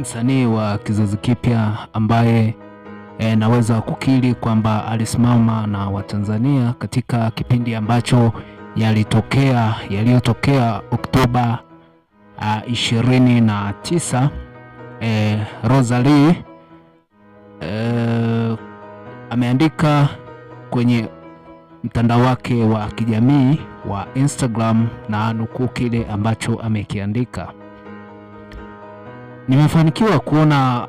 msanii wa kizazi kipya ambaye e, naweza kukiri kwamba alisimama na Watanzania katika kipindi ambacho yalitokea yaliyotokea Oktoba eh, ishirini na tisa. E, Rosalie e, ameandika kwenye mtandao wake wa kijamii wa Instagram na nukuu kile ambacho amekiandika. Nimefanikiwa kuona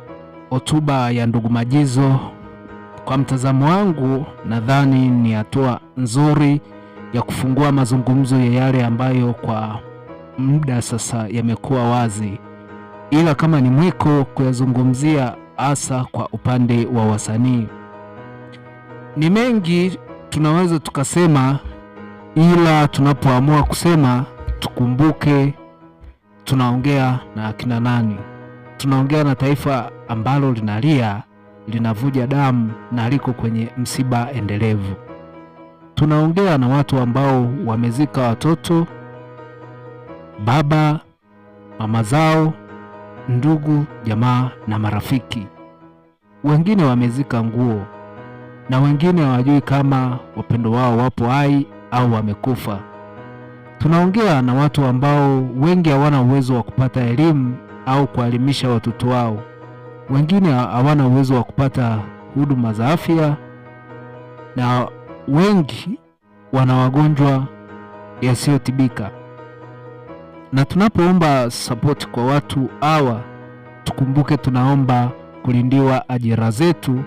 hotuba ya ndugu Majizo. Kwa mtazamo wangu, nadhani ni hatua nzuri ya kufungua mazungumzo ya yale ambayo kwa muda sasa yamekuwa wazi, ila kama ni mwiko kuyazungumzia, hasa kwa upande wa wasanii. Ni mengi tunaweza tukasema, ila tunapoamua kusema tukumbuke tunaongea na akina nani tunaongea na taifa ambalo linalia, linavuja damu na liko kwenye msiba endelevu. Tunaongea na watu ambao wamezika watoto, baba, mama zao, ndugu, jamaa na marafiki. Wengine wamezika nguo na wengine hawajui kama wapendo wao wapo hai au wamekufa. Tunaongea na watu ambao wengi hawana uwezo wa kupata elimu au kuwaelimisha watoto wao. Wengine hawana uwezo wa kupata huduma za afya na wengi wana wagonjwa yasiyotibika. Na tunapoomba support kwa watu hawa, tukumbuke tunaomba kulindiwa ajira zetu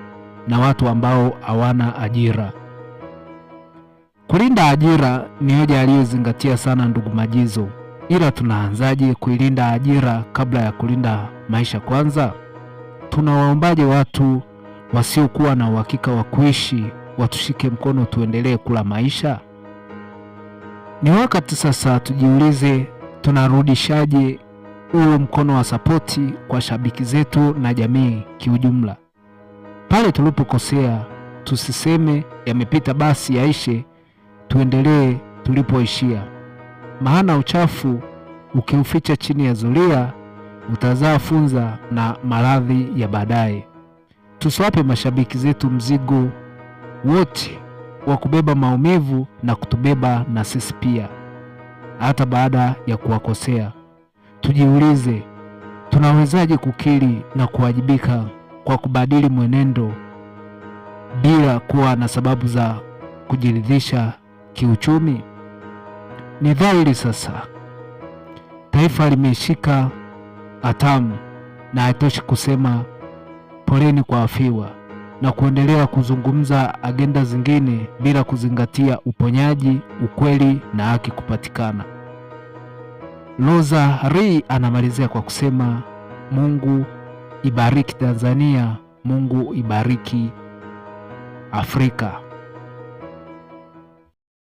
na watu ambao hawana ajira. Kulinda ajira ni hoja aliyozingatia sana ndugu Majizo. Ila tunaanzaje kuilinda ajira kabla ya kulinda maisha kwanza? Tunawaombaje watu wasiokuwa na uhakika wa kuishi watushike mkono tuendelee kula maisha? Ni wakati sasa tujiulize, tunarudishaje huo mkono wa sapoti kwa shabiki zetu na jamii kiujumla? Pale tulipokosea tusiseme yamepita basi yaishe, tuendelee tulipoishia maana uchafu ukiuficha chini ya zulia utazaa funza na maradhi ya baadaye. tuswape mashabiki zetu mzigo wote wa kubeba maumivu na kutubeba na sisi pia, hata baada ya kuwakosea. Tujiulize, tunawezaje kukiri na kuwajibika kwa kubadili mwenendo bila kuwa na sababu za kujiridhisha kiuchumi? Ni dhahiri sasa taifa limeshika hatamu, na haitoshi kusema poleni kwa afiwa na kuendelea kuzungumza agenda zingine bila kuzingatia uponyaji, ukweli na haki kupatikana. Rozari anamalizia kwa kusema Mungu ibariki Tanzania, Mungu ibariki Afrika.